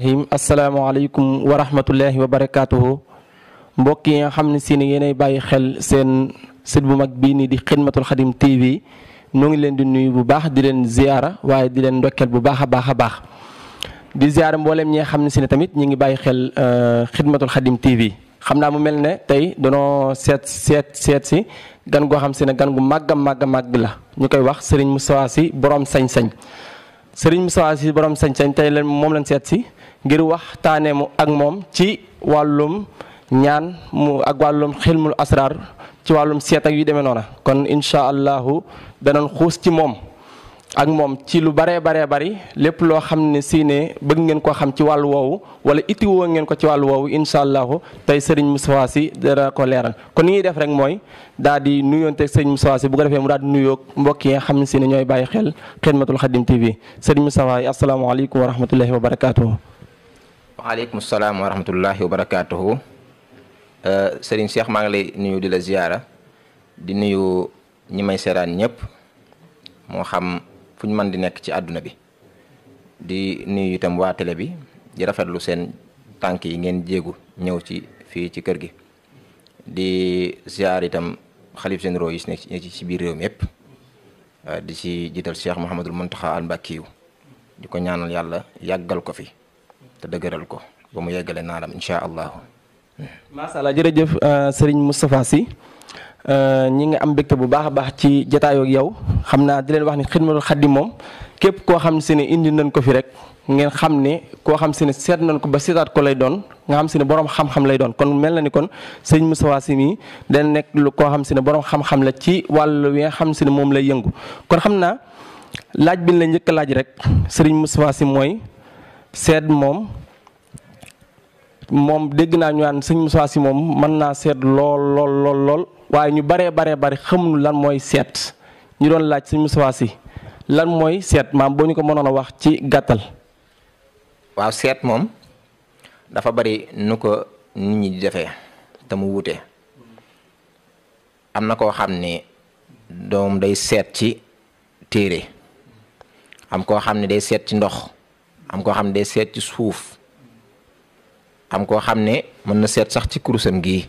m asalaamaaleykum wa rahmatullahi wa barakaatuhu mbokk yi nga xam ne si ni yéenay bàyyi xel seen site bu mag bii nii di xidmatul xadim tv ñu ngi leen di nuyu bu baax di leen ziyaara waaye di leen ndokkeel bu baax a baax a baax di ziyaara mbooleem ñi nga xam ne si ne tamit ñi ngi bàyyi xel xidmatul euh, xadim tv xam naa mu mel ne tey danoo seet seet seet si gan goo xam si ne gan gu màgg a màgg a màgg la ñu koy wax Serigne Moustapha Sy boroom sañ-sañ sëriñ Moustapha Sy borom sañ-sañ tey leen moom lañ seet si ngir waxtaanee mu ak moom ci wàllum ñaan mu ak wàllum xilmul asrar ci wàllum seet ak yu demee noona kon incha allahu danañ xuus ci moom ak moom ci lu baree baree bari lépp loo xam ne si ne bëgg ngeen ko xam ci wàll woowu wala ittiwoo ngeen ko ci wàllu woowu incha allahu tey Serigne Moustapha Sy dana ko leeral kon ni ñuy def rek mooy daal di nuyoonteeg Serigne Moustapha Sy bu ko defee mu daal di nuyoog mbokk yi xam ne si ne ñooy bàyyi xel Xidmatul Xadim TV Serigne Moustapha yi asalaamaaleykum wa rahmatullahi wa waaleykum salaam wa rahmatullahi wa barakaatuhu euh, sëriñ Cheikh maa ngi lay nuyu di la ziyaara di nuyu ñi may seeraan ñëpp moo xam fu ñu mën di nekk ci àdduna bi di nuyu itam waa télé bi di rafetlu seen tànk yi ngeen jéegu ñëw ci fii ci kër gi di ziyaar itam xalif seen roo yi nekk ci biir réew mi yëpp euh, di ci jiital Cheikh Mouhamadul Muntaxa al di ko ñaanal yàlla yàggal ko fi te dëgëral ko ba mu yeggale naalam incha allahu. macha allah jërëjëf euh, Serigne Moustapha Sy euh, ñi ngi am mbégte bu baax a baax ci jataayoo ak yow xam naa di leen wax ni xidmatul xaddi moom képp koo xam si ne indi nañ ko fi rek ngeen xam ne koo xam si ne seet nañ ko ba seetaat ko lay doon nga xam si ne borom xam-xam lay doon kon mel na ni kon sëñ Moustapha Sy mii dana nekk koo xam si ne borom xam-xam la ci wàll wi nga xam si ne moom lay yëngu kon xam naa laaj bi la njëkk laaj rek sëriñ Moustapha Sy mooy. seet moom moom dégg naa ñu naan sëñ Moussa si moom mën naa seet lool lool lool waaye ñu baree baree bari xamul lan mooy seet ñu doon laaj sëñ Moussa si lan mooy seet maam boo ñu ko mënoon a wax ci gàttal. waaw seet moom dafa bari nu ko nit ñi di defee te mu wuute am na koo xam ni doom day seet ci téere am koo xam ne day seet ci ndox. am koo xam ne day seet ci suuf am koo xam ne mën na seet sax ci kurusam gii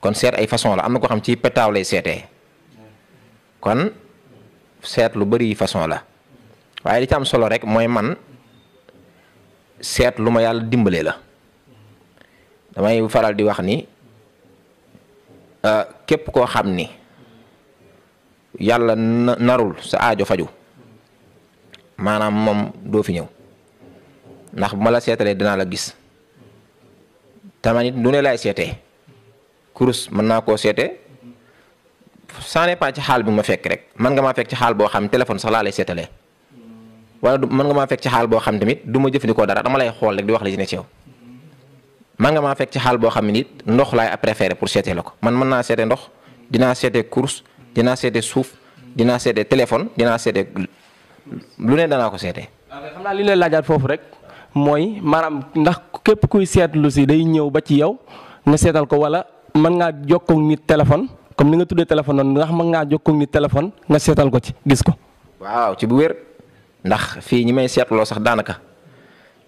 kon seet ay façon la am na koo xam ci petaaw lay seete kon seet lu bari façon la waaye li ci am solo rek mooy man seet lu ma yàlla dimbale la damay faral di wax ni euh, képp koo xam ni yàlla narul sa aajo faju maanaam moom doo fi ñëw ndax bu ma la seetalee dinaa la gis taman it du ne laay seetee kurus mën naa koo seete ça dépend xaal bi ma fekk rek mën nga maa fekk ci xaal boo xam téléphone sax laa seetalee wala mën nga maa fekk xaal boo xam tamit du ma jëfandikoo dara dama lay xool rek di wax li ci ne ci yow man nga maa fekk ci xaal boo xam ne nit ndox laay préféré pour seetee la ko man mën naa seete ndox dinaa seete course dinaa seete suuf dinaa seete téléphone dinaa seete lu ne danaa ko seete. Ah, xam naa li ñu laajaat foofu rek mooy maanaam ndax képp kuy seetlu si day ñëw ba ci yow nga seetal ko wala mën ngaa jokkoo nit téléphone comme ni nga tuddee téléphone noonu ndax mën ngaa jokkoo nit téléphone nga seetal ko ci gis ko. waaw ci bu wér ndax fii ñi may seetloo sax daanaka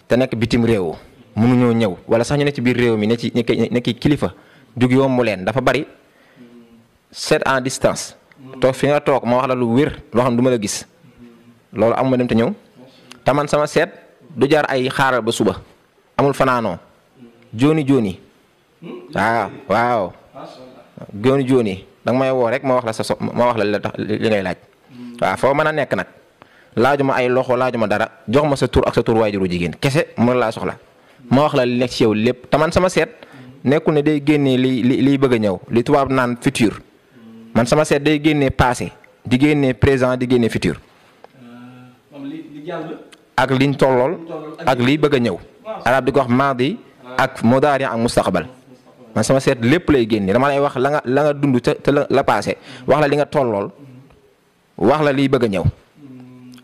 te nekk bitim réew mënuñoo ñëw wala sax ñu ne ci biir réew mi ne ci ne ki kilifa jug yomb leen dafa bari seet en distance. Mm. toog fi nga toog ma wax la lu wér loo xam ne du la gis. loolu ma dem te ñëw te man sama seet du jar ay xaaral ba suba amul fanaanoo jooni jooni waaw waaw jooni jooni danga may woo rek ma wax la sa so ma wax la li tax ngay laaj waaw foo mën a nekk nag laajuma ay loxo laajuma dara jox ma sa tuur ak sa tur jaru jigéen kese mu laa soxla ma wax la li nekk ci yow lépp te man sama seet nekkul ne day génnee li liy bëgg a ñëw li tubaab naan futur man sama seet day génnee passé di génnee présent di génnee futur. ak liñ tollool ak liy bëgg a ñëw arab di ko wax maadi ak mudaari ak mustaqbal man sama seet lépp lay génne dama lay wax la nga la nga dund te te la passé wax la li nga tollool wax la liy bëgg a ñëw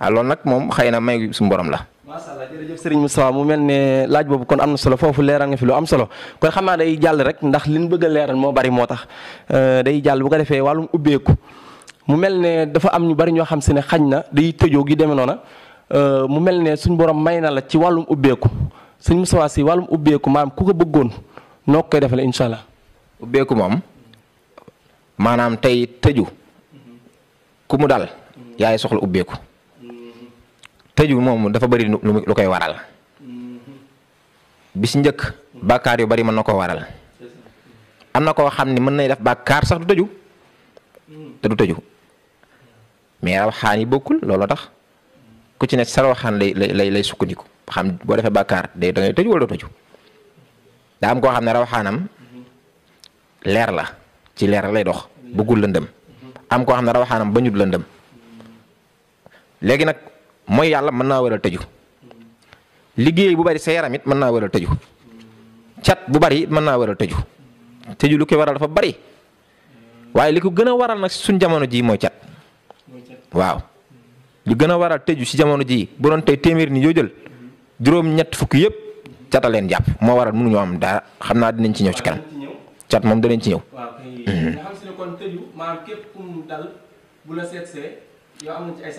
ah loolu nag moom xëy na may su borom la. macha allah mu mel ne laaj boobu kon am na solo foofu leeral nga fi lu am solo kon xam naa day jàll rek ndax liñ bëgg a leeral moo bari moo tax euh, day jàll bu ko defee wàllum ubbeeku mu mel ne dafa am ñu bari ñoo xam si Euh, mu mel ne suñ borom may na la ci wàllum ubbeeku suñ Moustapha si wàllum ubbeeku maanaam ku ko bëggoon noo koy defale incha allah. ubbeeku moom maanaam tey tëju ku mu dal yaay soxla ubbeeku tëju moom dafa bëri lu koy waral bi si njëkk bàkkaar yu bari mën na koo waral am na koo xam ni mën nay def bàkkaar sax du tëju te du tëju mais raw xaan yi bokkul looloo tax. ku ci ne sa waxaan lay lay lay sukkandiku xam boo defee bàkkaar day da ngay tëju wala tëju daa am koo xam ne rawaxaanam leer la ci leer lay dox bëggul lëndëm am koo xam ne rawaxaanam bañul lëndëm léegi nag mooy yàlla mën naa waral tëju liggéey bu bari sa yaram it mën naa waral tëju cat bu bari it mën naa waral tëju tëju lu koy waral dafa bari waaye li ko gën a waral nag suñ jamono jii mooy cat waaw. lu gën a war a tëju si jamono jii bu doon tey téeméer ni yoo jël juróom-ñett fukk yëpp cata leen jàpp moo waral mënuñoo am dara xam naa dinañ ci ñëw ci kanam cat moom danañ ci ñëw. waaw kay mhm. nga xam si ci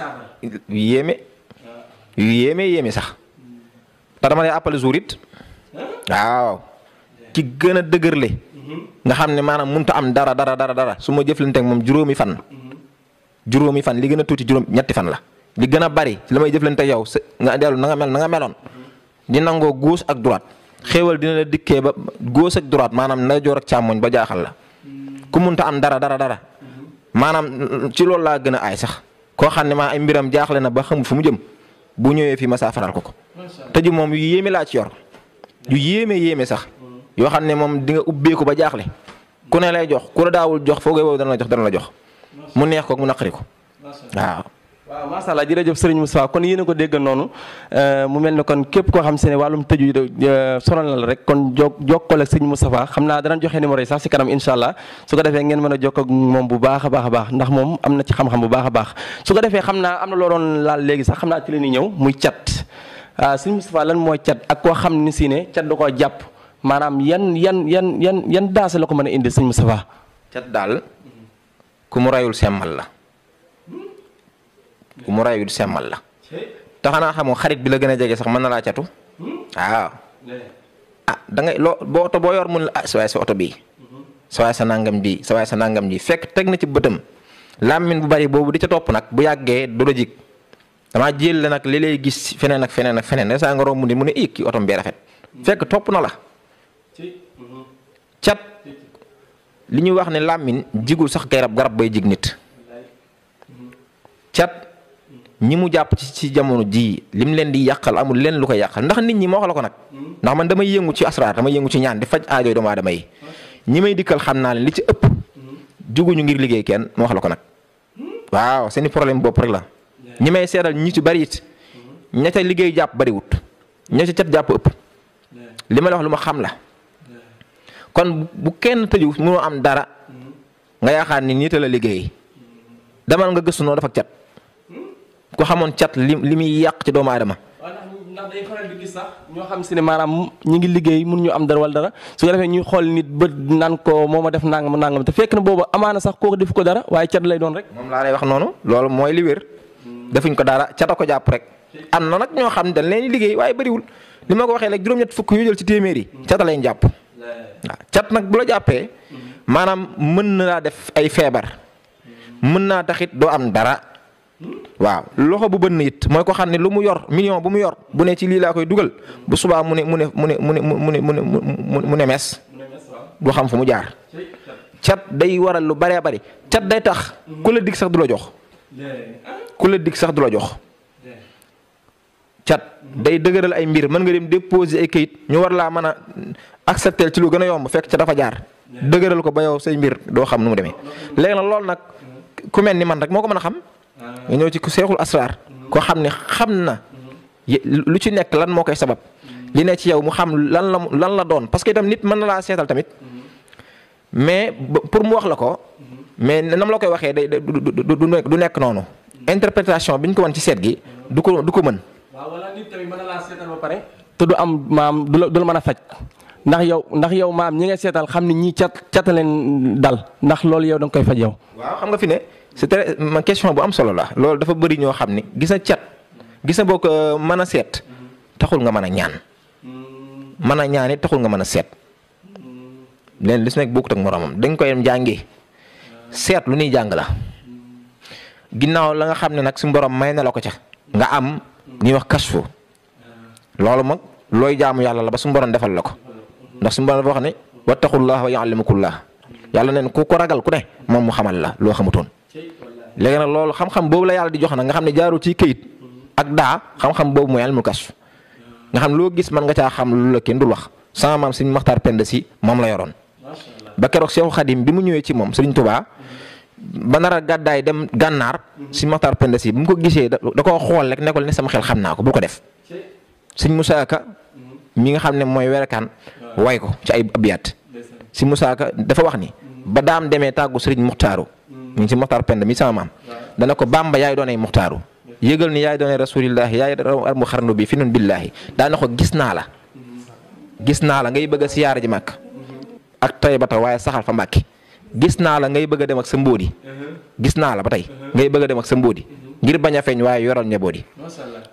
ah. yéeme. yéeme sax. Hmm. te dama lay appal jour waaw. ki gën a dëgërle. Mhm. nga xam ne maanaam mënut a am dara dara dara dara su ma jëflanteeg moom juróomi fan. Mhm. juróomi fan li gën a tuuti juróom ñetti fan la. li gën a bari ci la may jëflante yow nga dellu na nga mel na nga meloon di nangoo gauche ak droite xéewal dina la dikkee ba gauche ak droite maanaam ndeyjoor ak càmmoñ ba jaaxal la ku munta am dara dara dara maanaam ci loolu laa gën a aay sax koo xam ne maa na ba xamul fu mu jëm bu ñëwee fii ma saafaral ko ko te ji moom yu yéeme laa ci yor yu yéeme yéeme sax yoo xam ne moom di nga ubbeeku ba jaaxle ku ne lay jox ku la daawul jox foogee boobu dana la jox la jox mu neex ko mu naqari ko waaw. waaw macha allah jërëjëf Serigne Moussa kon yéen a ko dégg noonu euh, mu mel ne kon képp koo xam se ne wàllum tëju euh, sonal na la rek kon jo jokkoo ak Serigne Moustapha xam naa danañ joxe numéro yi sax si kanam incha allah su defee ngeen mën a jokkoo moom bu baax a a baax ndax moom am na ci xam-xam bu a baax su ko defee xam naa am na doon laal léegi sax xam naa ci la ñuy ñëw muy cat ah, Serigne lan mooy cat ak koo xam ni si ne cat da koo jàpp maanaam yan yan yan yan yan daase la ko mën a indi Serigne Moustapha cat daal ku mu rayul semmal la ku mu du semmal la te xanaa xamoo xarit bi la gën a jege sax mën na laa catu waaw hmm? ah da loo boo oto boo yor mun la ah sa sa oto bii sa sa nangam bii sa waay sa nangam bii fekk teg na ci bëtam làmmiñ bu bari boobu di ca topp nag bu yàggee du la jig damaa jël li lay gis feneen ak feneen ak feneen da saa nga romb ni mu ne ii kii otom bee rafet fekk topp na la cat li ñuy wax ne làmmiñ jigul sax garab garab bay jig nit cat ñi mu jàpp ci ci jamono jii li mu leen di yàqal amul leen lu ko yàqal ndax nit ñi ma wax la ko nag ndax man damay yëngu ci asraar dama yëngu ci ñaan di faj aajo doomu aadama yi ñi may dikkal xam naa leen li ci ëpp juguñu ngir liggéey kenn ma wax la ko nag waaw seeni problème bopp rek la ñi may seetal ñi ci bari it ña liggéey jàpp bariwut ña ca cat jàpp ëpp li ma la wax lu ma xam la kon bu kenn tëju mënoo am dara nga yaakaar ni nit la liggéey demal nga gëstu noonu dafa ku xamoon cat li li muy yàq ci doomu aadama. ndax ñoo xam si ne maanaam ñi ngi liggéey mun ñu am dara wala dara su ko defee ñuy xool nit bët naan ko moo ma def nangam nangam te fekk na boobu amaana sax kooku def ko dara waaye lay doon rek. moom laa lay wax noonu loolu mooy li wér. Hmm. defuñ ko dara cata ko jàpp rek. am na nag ñoo xam dañ leen liggéey waaye bëriwul li ma ko waxee léegi juróom fukk yu jël ci téeméer yi. Hmm. cata jàpp. cat nag bu la hmm. maanaam mën na laa def ay feebar. mën naa taxit doo am dara waaw loxo bu bënn it mooy ko xam ne lu mu yor million bu mu yor bu ne ci lii laa koy dugal bu subaa mu ne mu ne mu ne mu ne mu ne mu ne mu ne mes du xam fu mu jaar cat day waral lu baree bari cat day tax ku la dig sax du la jox ku la sax du la jox cat day dëgëral ay mbir mën nga dem déposer ay kayit ñu war laa mën a accepter ci lu gën a yomb fekk ca dafa jaar dëgëral ko ba yow say mbir doo xam nu mu demee léegi nag loolu nag ku mel ni man rek moo ko mën a xam. nga ñëw ci ku seexul asraar koo xam ne xam na lu ci nekk lan moo koy sabab li ne ci yow mu xam lan la lan la doon parce que itam nit mën na laa seetal tamit mais pour mu wax la ko mais nam la koy waxee day du nekk noonu interprétation bi ñu ko wan ci seet gi du ko du ko mën. waaw te du am maam du la du mën a faj. ndax yow ndax yow maam ñi nga seetal xam ni ñii cat cataleen dal ndax loolu yow da koy faj yow. c'est très ma question bu am solo la loolu dafa bëri ñoo xam ni gis a cat gisa boo ko euh, mën a seet taxul nga mën a ñaan mën a ñaan it taxul nga mën a seet leen li si nekk bokkut ak moromam dañ koy jàngi seet lu ñuy jàng ginnaaw la nga xam ne nag suñu borom may na la ko ca nga am ñuy wax kasfu loolu mag looy jaamu yàlla la ba su borom defal la ko ndax suñu borom dafa wax ne wattaqullaah wa ya'lamukullaah yàlla neen ku ko ragal ku ne moom mu xamal la loo xamatoon léegi nag loolu xam-xam boobu la yàlla di jox na nga xam ne jaarul ci kayit ak daa xam-xam boobu mooy ilmul kasf nga xam loo gis man nga caa xam lu la kenn dul wax sama maam sëñ Maxtaar Penda si moom la yoroon ba keroog Seexu Xadim bi mu ñëwee ci moom sëriñ Tuubaa ba nar a gàddaay dem gànnaar mhm. sëñ Maxtaar Penda si bu mu ko gisee da ko xool rek nekkul ne sama xel xam naa ko bul ko def sëñ Musaa Ka mhm. mi nga xam ne mooy werekaan way ko ci ay abiyat si Musaa Ka dafa wax ni mhm. ba daam demee tàggu sëriñ Muxtaaru mi ngi ci moxtaar pend mi sama maam dana ko bàmba yaay doonay moxtaaru yëgal ni yaay doonay rasulillahi yaay ar mu xarnu bi fi nun billahi daana ko gis naa la gis naa la ngay bëgg a siyaara ji màkk mm-hmm. ak tay ba ta waaye saxal fa mbàkki gis naa la ngay bëgg a dem ak sa mbóodi mm-hmm. gis naa la tey mm-hmm. ngay bëgg a ak sa mbóodi ngir bañ a feeñ waaye yoral njaboot yi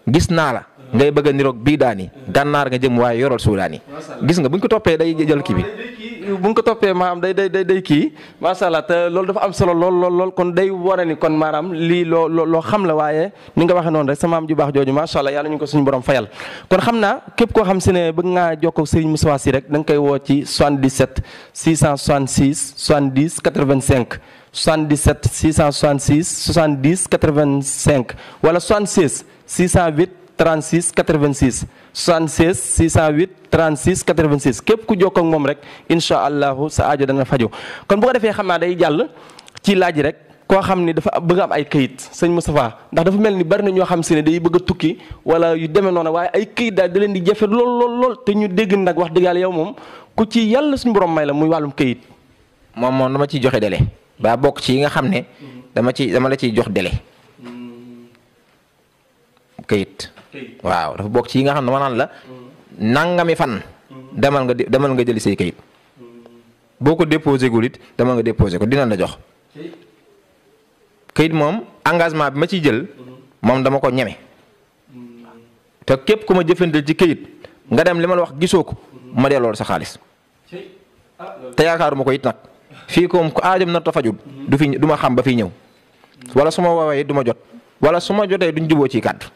gis naa la ngay bëgg a niroog bii daani gànnaar nga jëm waaye yoral suudaani gis nga buñ ko toppee day jël kii bi bu ñu ko toppee maam day day day kii macha allah te loolu dafa am solo lool lool lool kon day wane ni kon maanaam lii loo loo xam la waaye ni nga waxee noonu rek sama am ju baax jooju macha allah yàlla ñu ko suñu borom fayal. kon xam naa képp koo xam si ne bëgg ngaa jokkoo Serigne Moustapha Sy rek da nga koy woo ci 77 666 70 85. 77 666 70 85 wala 76 608. 36 86 76 608 36 86 képp ku jokkoo ak moom rek incha allahu sa aajo dana fajo kon bu ko defee xam naa day jàll ci laaj rek koo xam ni dafa bëgg am ay kayit sëñ Moustapha ndax dafa mel ni bari na ñoo xam si ne day bëgg a tukki wala yu demee noonu waaye ay kayit daal da leen di jafe lool lool lool te ñu dégg nag wax dëgg yàlla yow moom ku ci yàlla suñu borom may la muy wàllum kayit. moom moom dama ciy joxe délai ba bokk ci yi nga xam ne mm-hmm. dama ci dama la ciy jox délai mm-hmm. kayit. waaw dafa bokk ci yi nga xam ne ma naan la nangami fan demal nga demal nga jëli say kayit boo ko déposé gul demal nga déposé ko dina la jox kayit moom engagement bi ma ciy jël moom dama ko ñeme te képp ku ma jëfandil ci kayit nga dem li ma la wax gisoo ko ma delloo sa xaalis te yaakaaruma ko it nag fii koom ku aajam na tafajul du fi du ma xam ba fiy ñëw wala su ma woowee du ma jot wala su ma jotee duñ juboo ci kàddu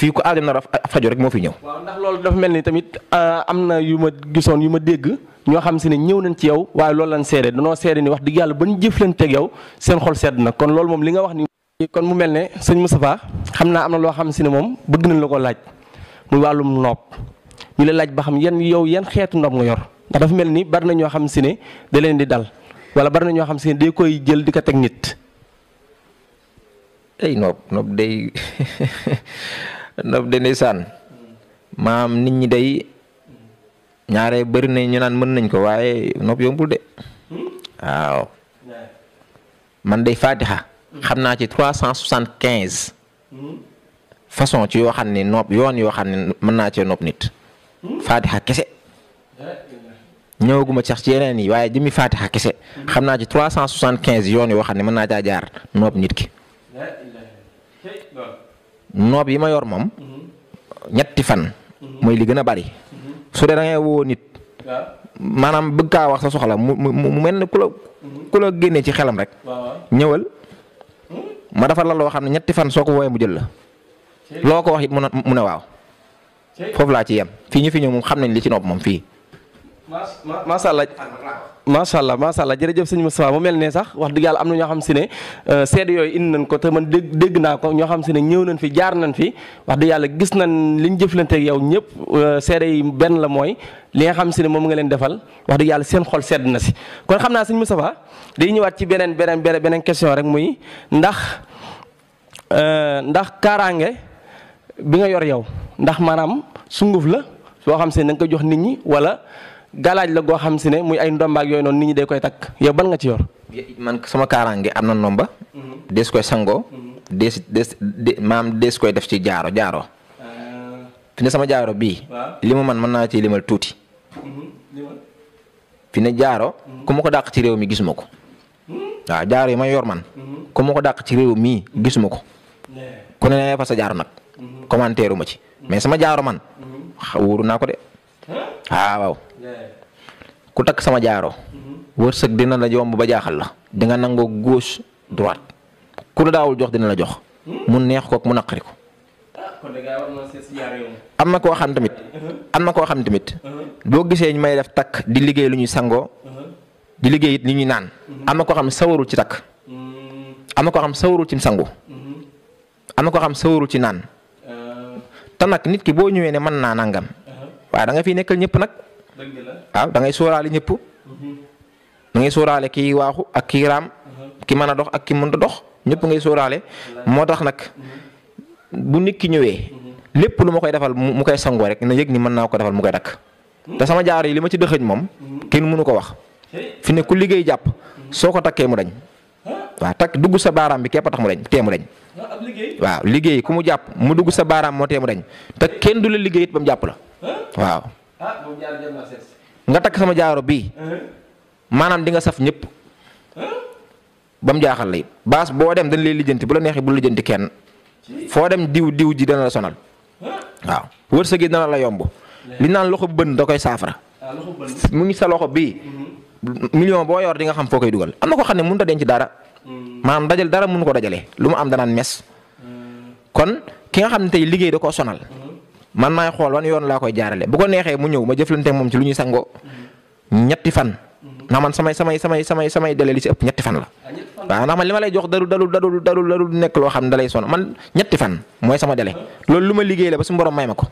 fii ku na nar a faju rek moo fi ñëw. waaw ndax loolu dafa mel ni tamit ah, am na yu ma gisoon yu ma dégg ñoo xam si ne ñëw nañ ci yow waaye loolu lañ seede danoo seede ni wax dëgg yàlla ba ñu jëflanteeg yow seen xol sedd na kon lool moom li nga wax ni. kon mu mel ne sëñ Moustapha xam naa am na loo xam si ne moom bëgg nañ la ko laaj muy wàllum nopp ñu la laaj ba xam yan yow yan xeetu nopp nga yor ndax dafa mel ni bari na ñoo xam si ne da leen di dal wala bari na ñoo xam si ne day koy jël di ko teg nit. ay nopp nopp daf de ndeysaan maam nit ñi day ñaare bëri na ñu naan mën nañ ko waaye nopp yombul de waaw man day fatiha xam naa ci trois cent soixante quinze façon ci yoo xam ne nopp yoon yoo xam ne mën naa cee nopp nit fatiha kese ñëwaguma sax ci yeneen yi waaye jëmi fatiha kese xam naa ci trois cent soixante quinze yoon yoo xam ne mën naa caa jaar nopp nit ki noob yi ma yor moom ñetti fan mooy li gën a bari su dee da ngay nit maanaam bëgg kaa wax sa soxla mu mu mel ne ku la ku la génnee ci xelam rek ñëwal hmm? ma dafa la loo xam ne ñetti fan soo ko woowee mu jël la loo ko wax it mu ne waaw foofu laa ci yem fii ñu fi ñëw moom xam nañ li ci nopp moom fii. macha allah macha allah jërëjëf sëñ Moustapha mu mel ne sax wax dëgg yàlla am na ñoo xam si ne euh, seede yooyu indi nañ ko te man dégg dégg naa ko ñoo xam si ne ñëw nañ fi jaar nañ fi wax dëgg yàlla gis nañ li ñu jëflanteeg yow ñëpp euh, seede yi benn la mooy li nga xam si ne moom mu nga leen defal wax dëgg yàlla seen xol sedd na si. kon xam naa mu Moustapha day ñëwaat ci beneen beneen beneen question rek muy ndax euh, ndax kaaraange bi nga yor yow ndax maanaam sunguf la soo xam si ko jox nit ñi wala. galaaj la goo xam si ne muy ay ndombaak yooyu noonu nit ñi day koy takk yow ban nga ci yor. man sama kaaraange am na ndomba. Mhm. dees koy sangoo. Mhm. dees dees de maam dees koy def ci jaaro jaaro. Ah. fi ne sama jaaro bii. li ma man mën naa ci limal tuuti. Mhm. fi ne jaaro. ku ma ko ci réew mi gisuma ko. Hmm? waaw jaaro yi ma yor man. ku ma ci réew mii gisuma ko. ku ne fa nag. commentaire ma ci. mais sama jaaro man. naa ko de. Ah, waaw. ku takk sama jaaro mm-hmm. wërsëg dina la yomb ba jaaxal la di nangoo gauche droite ku la daawul jox dina la jox hmm? mu neex ko ak mu naqari ko ah, am na koo xam tamit uh-huh. am na koo xam tamit uh-huh. boo gisee ñu may def takk di liggéey lu ñuy sangoo uh-huh. di liggéey it li ñuy naan mm-hmm. am na koo xam sawarul ci takk mm-hmm. am na koo xam sawarul ci sangu am na koo xam sawarul ci naan te nag nit ki boo ñëwee ne mën naa nangam waaye da fi nekkal ñëpp nag. waaw da sooraale sóoraale ñëpp da ngay sóoraale mhm. kii waaxu ak kii raam mhm. ki mën a dox ak ki a dox ñëpp ngay sooraale moo tax nag bu nit ki ñëwee mhm. lépp lu ma koy defal mu koy sangoo rek na yëg ni mën naa ko defal mu koy dakk hmm? te sama jaar yi li ma ci dëxëñ moom hmm? kenn mënu ko wax fi ne ku liggéey jàpp hmm. soo ko takkee mu dañ waa takk dugg sa baaraam bi képp tax mu dañ tee mu dañ waaw liggéey ku mu jàpp mu dugg sa baaraam moo tee mu dañ te kenn du la liggéey it jàpp la Ah, nga takk sama jaaro bii. Eh? maanaam dinga saf ñëpp. Eh? ba mu jaaxal lay baas boo dem dañ lay lijjanti bu la neexee bu lijjanti kenn foo dem diw diw ji dana la sonal eh? waaw wërsëg gi dana la yomb li naan loxo bën da koy saafara. Ah, mu ngi sa loxo bii. Mm-hmm. million boo yor dinga xam foo koy dugal am na ko xam ne mënut a denc dara. Mm. maanaam dajal dara mënu ko dajale lu mu am danaan mes. Mm. kon ki nga xam ne tey liggéey da koo sonal. Mm-hmm. man maay xool wan yoon laa koy jaarale bu ko neexee mu ñëw ma jëflante moom ci lu ñuy sangoo ñetti fan. ndax man samay samay samay samay samay délai li ci ëpp ñetti fan la. Ah, waaw ndax ma li ma lay jox dalul dalul dalul dalul dalul nekk loo xam ne dalay sonn man ñetti fan mooy sama dele loolu lu ma liggéey la ba suñu borom may ma ko.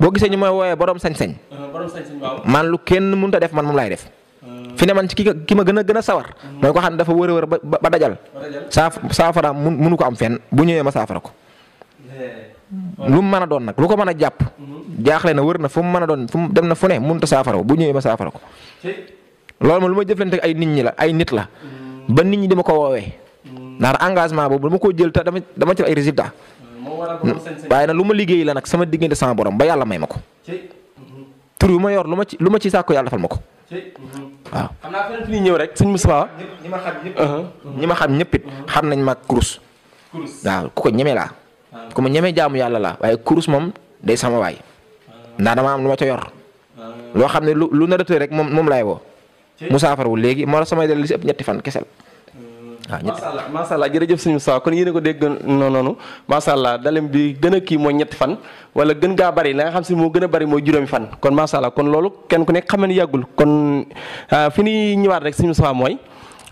boo gisee ñu may woowee boroom sañ-sañ. Ah, man lu kenn mënut a def man moom laay def. Ah. fi ne man ci ki ma gën a gën a sawar. Mm. mooy ko xam ne dafa wër a wër ba dajal. saafara mun munu ko am fenn bu ñëwee ma saafara ko. lu mu mën a doon nag lu ko mën a jàpp. Mhm. jaaxle na wër na fu mu mën a doon fu mu dem na fu ne mënut a saafara bu ñëwee ma saafara ko. loolu moom lu ma jëflante ay nit ñi la ay nit la. Mhm. ba nit ñi dama ko woowee. Mhm. ndax engagement boobu dama ko jël te dama ci ay résultats. waaye nag lu ma liggéey la nag sama diggante sama borom ba yàlla may ma ko. tur yu ma yor lu ma ci lu ma ci sàkku yàlla defal ma ko. waaw xam rek sëñ ñi ma xam ñëpp uh-huh. ñi uh-huh. xam nañ ma kurus. waaw ku ko ñeme laa. ku ma ñemee jaamu yàlla la waaye kurus moom day sama waay ndax dama am lu ma ca yor loo xam ne lu lu nar rek moom moom laay woo musaafar wu léegi ma la samay dal si ëpp ñetti fan kese la mm. waaw ñetti fan macha allah jërëjëf sëñ Moussa kon yéen a ko dégg noonu noonu macha allah dalem bi gën a kii mooy ñetti fan wala gën gaa bari la xam si moo gën a bari mooy juróomi fan kon macha allah loolu kenn ku nekk xam ne yàggul ah, fi ñuy ñëwaat rek sëñ mooy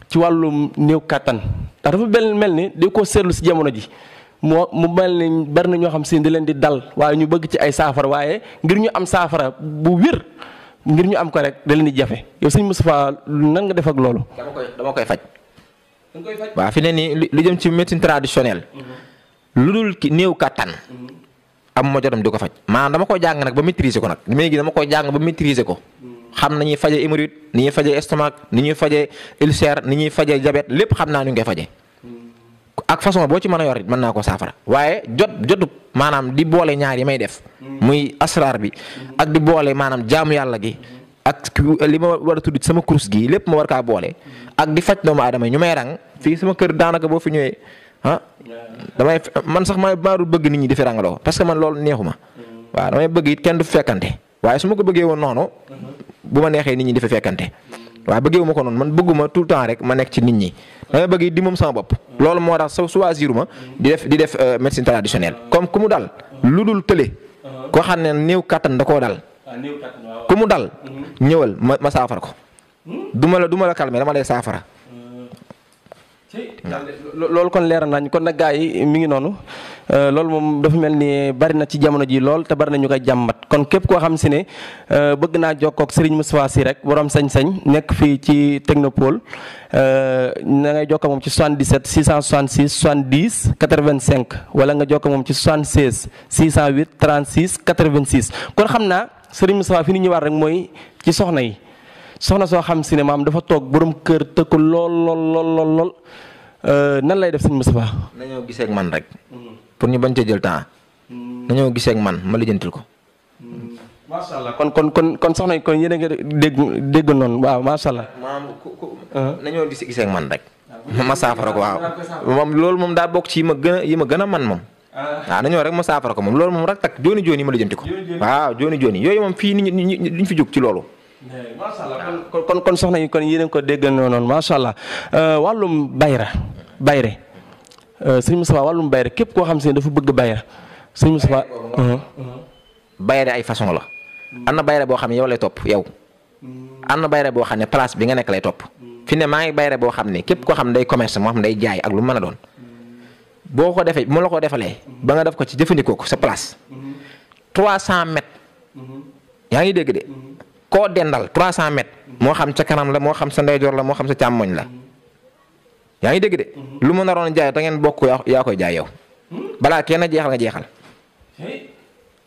ci wàllu néew kàttan ndax dafa mel ni di ko seetlu si jamono ji. moo mu mel ni bari na ñoo xam si di leen di dal waaye ñu bëgg ci ay saafara waaye ngir ñu am saafara bu wér ngir ñu am ko rek da di jafe yow sëñ Moustapha nan nga def ak loolu. dama koy faj. waaw fi ne nii lu jëm ci médecine traditionnelle. Mm-hmm. lu dul ki néew kattan. Mm-hmm. am mojoram di ko faj maanaam dama koy jàng nag ba maîtriser ko nag léegi dama koy jàng ba maîtriser ko. Mm-hmm. xam na ñuy fajee hémorroïde ni ñuy fajee estomac ni ñuy fajee ulcère ni ñuy fajee jabet lépp xam naa nu ñu koy fajee. ak façon boo ci man a yor it mën naa ko saafara waaye jot jotu maanaam di boole ñaar yi may def. muy asraar bi ak di boole maanaam jaamu yàlla gi. ak li ma war a tudd sama course gi lépp ma war kaa boole. ak di faj doomu aadama ñu may rang fii suma kër daanaka boo fi ñëwee ah damay man sax maa maa bëgg nit ñi di fi rangaloo parce que man loolu neexuma waaw damay bëgg it kenn du fekkante waaye su ma ko bëggee woon noonu bu ma neexee nit ñi di fi fekkante. waaw bëggeewu ma ko noonu man bëgguma tout le temps rek ma nekk ci nit ñi dama bëgg di moom sama bopp loolu moo tax sa choisir ma di def di def euh, médecine traditionnelle comme ku mu dal lu dul tële koo xam ne néew kattan da koo dal ah, ku mu dal mhm. ñëwal ma ma saafara ko hmm? duma la duma la calmer dama lay saafara Hmm. loolu kon leer ñu kon nag gars yi mi ngi noonu euh, loolu moom dafa mel ni bari na ci jamono ji lool te bari na ñu koy jàmbat kon képp koo xam si ne euh, bëgg naa jokkoo sëriñ Serigne Moustapha si rek borom sañ-sañ nekk fii ci Technopole euh, na ngay jokkoo moom ci 77 666 70 85 wala nga jokkoo moom ci 76 608 36 86 kon xam naa Serigne Moustapha fi ñuy ñëwaat rek mooy ci soxna yi. soxna soo xam si ne maam dafa toog borom kër tëkku lool lool lool lool lool euh, nan lay def sëñ Moustapha. nañoo gisee man rek. pour ñu bañ ca jël temps. nañoo gisee man ma lijjantil ko. macha kon kon kon kon soxna kon yéen a ngi dégg dégg noonu waaw macha allah. maam ku ku nañoo gisee ak man rek. ma saafara ko waaw. moom loolu moom daa bokk ci yi ma gën a yi ma gën a man moom. Ah. waaw nañoo rek ma saafara ko moom loolu moom rek tak jooni jooni ma lijjanti ko. waaw jooni jooni yooyu moom fii nit ñi duñ fi jóg ci loolu. macha allah ah. kon kon kon soxna yi kon yéen ko déggandoo noonu macha allah euh, wàllum bayra bayre euh, sëñ Moustapha wàllum bayre képp koo xam si ne dafa bëgg bayra sëñ Moustapha. Uh-huh. Uh-huh. bayre ay façon la. Mm. am na bayre boo xam ne yow lay topp yow. Mm. am na bayre boo xam ne place bi nga nekk lay topp. Mm. fi ne maa ngi bayre boo xam ne képp koo xam ne day commerce moo xam day jaay ak lu mën a doon. boo ko defee mu la ko defalee. ba nga def ko ci jëfandikoo ko sa place. 300 mm-hmm. mètres. Mm-hmm. yaa ngi dégg de. Mm-hmm. koo dendal 300 mètres moo xam ca kanam la moo xam sa ndeyjoor la moo xam sa càmmoñ la yaa ngi dégg de. lu mu naroon jaay da ngeen bokk yaa koy jaay yow balaa kenn jeexal nga jeexal.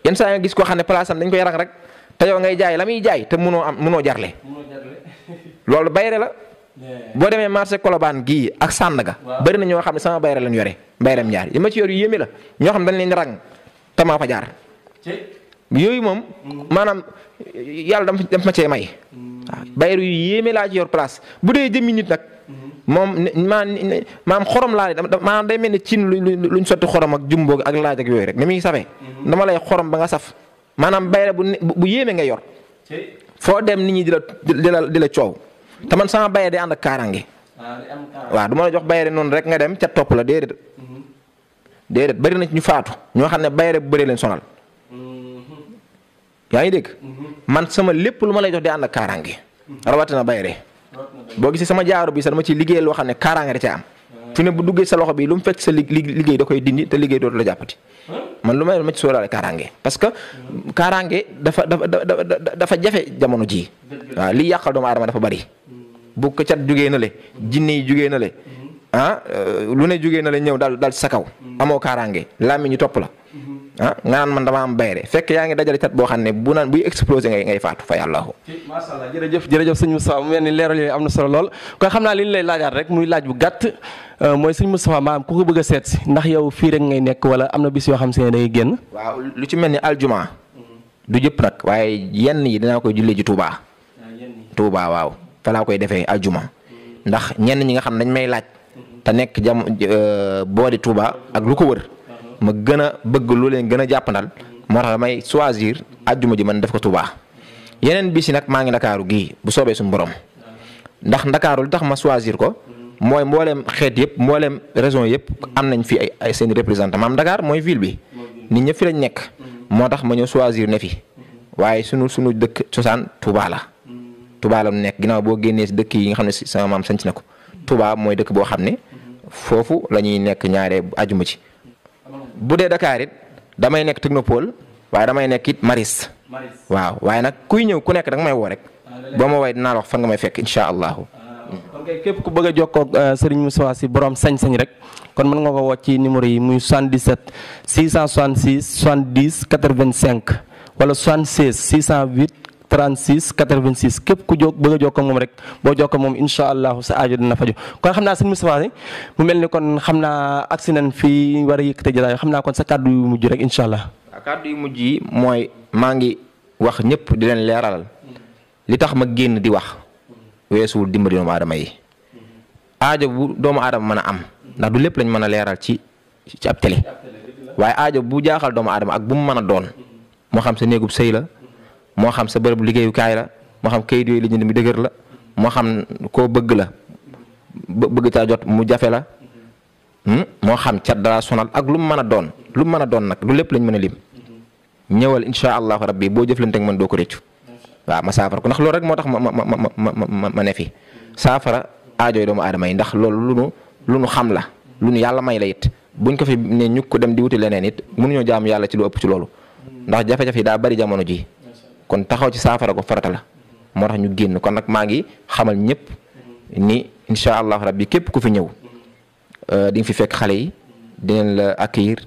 yenn saa gis koo xam ne place am dañ koy rax rek te yow ngay jaay la muy jaay te mënoo am mënoo jarle. loolu bayre la. boo demee marché Colobane gii ak Sandaga. waaw bëri ñoo xam ne sama bayre lañ yore. bayreem ñaar yi ma ci yor yu yéeme la ñoo xam dañ leen rang te fa jaar. yooyu moom. maanaam yàlla dama dama ma cee may. waaw bayru yu yéeme laa ci yor place bu dee jëmmi nit nag. moom maa maam xorom laa ne maanaam day mel ne cin luñ sotti xorom ak jumbo ak laaj ak yooyu rek ni muy safee. dama lay xorom ba nga saf maanaam bayra bu bu yéeme nga yor. foo dem nit ñi di la di la di la coow te man sama bayra ah, day ànd ak kaaraange. waaw du ma la jox bayra noonu rek nga dem ca topp la déedéet. Mm-hmm. déedéet bari na ci ñu faatu ñoo xam ne bayra bu bëree leen sonal. yaa ngi dégg. man sama lépp lu ma lay jox di ànd ak kaaraange. rawatina bayre boo gisee sama jaaro bi sax dama ci liggéey loo xam ne kaaraange da am. fi ne bu duggee sa loxo bi lu mu fekk sa liggéey da koy dindi te liggéey la jàppati. man lu may ma ci sóoraale kaaraange parce que kaaraange dafa dafa dafa jafe jamono ji waaw li yàqal doomu aadama dafa bari. bu ko cat jugee na le jinne yi na le ah euh, lu ne jugee na le ñëw daal daal sa kaw. amoo kaaraange làmmiñ topp la. ah nga naan man dama bayre fekk yaa ngi dajale cat boo xam ne bu naan buy explosé ngay ngay faatu fa yàlla. macha allah jërëjëf jërëjëf sëñ Moustapha mu mel ni leeral yooyu am na solo lool koy xam naa li ñu lay laajaat rek muy laaj bu gàtt euh, mooy sëñ Moustapha maam ku ko bëgg a seet si ndax yow fii rek ngay nekk wala am na bis yoo xam si ne day génn. waaw lu ci mel ni aljuma. Mm-hmm. du jëpp nag waaye yenn yi dinaa koy jullee ji Touba. Ah, Touba waaw fa koy defee aljuma. Mm-hmm. ndax ñenn ñi nga xam dañ may laaj. Mm-hmm. te nekk jam euh, boori Touba ak lu ko wër ma gën a bëgg lu leen gën a jàppandal moo tax damay choisir àjjuma ji man def ko Touba yeneen bis yi nag maa ngi ndakaaru gii bu soobee suñu borom ndax ndakaaru li tax ma choisir ko mooy mbooleem xeet yëpp mbooleem région yëpp am nañ fi ay ay seen représentant maam Dakar mooy ville bi nit ñëpp fi lañ nekk moo tax ma ñëw choisir ne fi waaye sunu sunu dëkk cosaan Touba la. Touba la mu nekk ginnaaw boo génnee dëkk yi nga xam ne si sama maam sanc na ko tubaa mooy dëkk boo xam ne foofu la ñuy nekk ñaaree àjjuma ci bu dee Dakar it damay nekk technopole waaye damay nekk it maris waaw waaye nag kuy ñëw ku nekk danga may woo rek ah, boo ma woowee dinaa la wax fan nga may fekk incha allahu. Ah, mm. kon kay képp ku bëgg a jokkoo ak euh, si Moustapha Sy borom sañ-sañ rek kon mën nga ko woo ci numéro yi muy 77 666 70 85 wala 76 608. 36 86 képp ku jóg bëgg a jokkoo moom rek boo jokkoo moom incha allahu sa ajo dina faju kon xam naa sëñ Moustapha mu mel ni kon xam naa agsi nañ fii war a yëkkate jataay xam naa kon sa kàddu yu mujj rek incha allah. yu mujj yi mooy maa ngi wax ñëpp di leen leeralal li tax ma génn di wax weesuwul dimbali doomu yi aajo bu doomu aadama mën a am ndax lépp lañ mën a leeral ci ci ab télé waaye aajo bu jaaxal doomu adama ak bu mu mën a doon moo xam sa néegub sëy la. moo xam sa bërëb liggéeyukaay la moo xam kayit yooyu la jënd mi dëgër la moo xam koo bëgg la bëgg caa jot mu jafe la hmm, moo xam cat dara sonal ak lu mu mën a doon lu mu mën a doon nag lu lépp lañ mën a lim ñëwal insha allahu rabbi boo jëflanteeg man doo ko réccu waaw ma saafara ko ndax loolu rek moo tax ma ma ma ma ma ne fi saafara aajooy doomu adama yi ndax loolu lu nu lu nu xam la lu nu yàlla may la it buñ ko fi ne ñu ko dem di wuti leneen it ñoo jaamu yàlla ci lu ëpp ci loolu ndax jafe-jafe daa bari jamono ji kon taxaw ci saafara ko farata la moo tax ñu génn kon nag maa ngi xamal ñëpp ni incha allah rabbi képp ku fi ñëw euh, di fi fekk xale yi dinañ la accueillir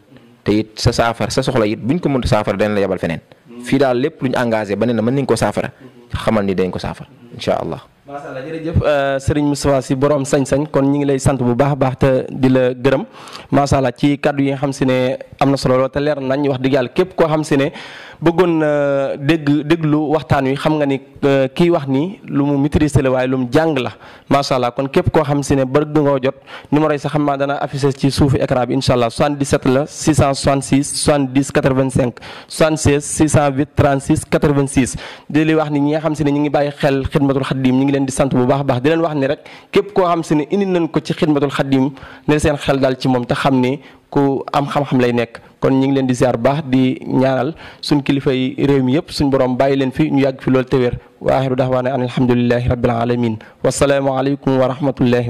te it sa saafara sa soxla yit buñ ko mënut saafara dinañ la yebal feneen fii daal lépp luñ ñu engagé ba ne na mën nañ ko saafara xamal ni dañ ko saafara incha allah. macha allah jërëjëf euh, sëriñ Moustapha Sy borom sañ-sañ kon ñu ngi lay sant bu baax a baax te di la gërëm macha allah ci kàddu yi xam si ne am na solo lool te leer nañ wax dëgg yàlla képp koo xam si ne bëggoon na dégg déglu waxtaan wi xam nga ni euh, kii wax nii lu mu maîtriser la waaye lu mu jàng la macha allah kon képp koo xam si ne bëgg ngoo jot numéro yi sax xam naa dana affiché ci suufu écran bi incha allah 77 la 666 70 85 76 608 li wax ni ñi nga xam si ne ñu ngi bàyyi xel xidmatul xaddim ñu ngi leen di sant bu baax a baax di leen wax ni rek képp koo xam si ne indi nañ ko ci xidmatul xaddim ne seen xel daal ci moom te xam ni ku am xam-xam lay nekk kon ñu ngi leen di ziar baax di ñaanal suñ kilifa réew mi yëpp suñ borom bàyyi leen fi ñu yàgg fi loolu te wér wa axiru daxwaana an alhamdulilahi rabbil alamin wasalaamu aleykum wa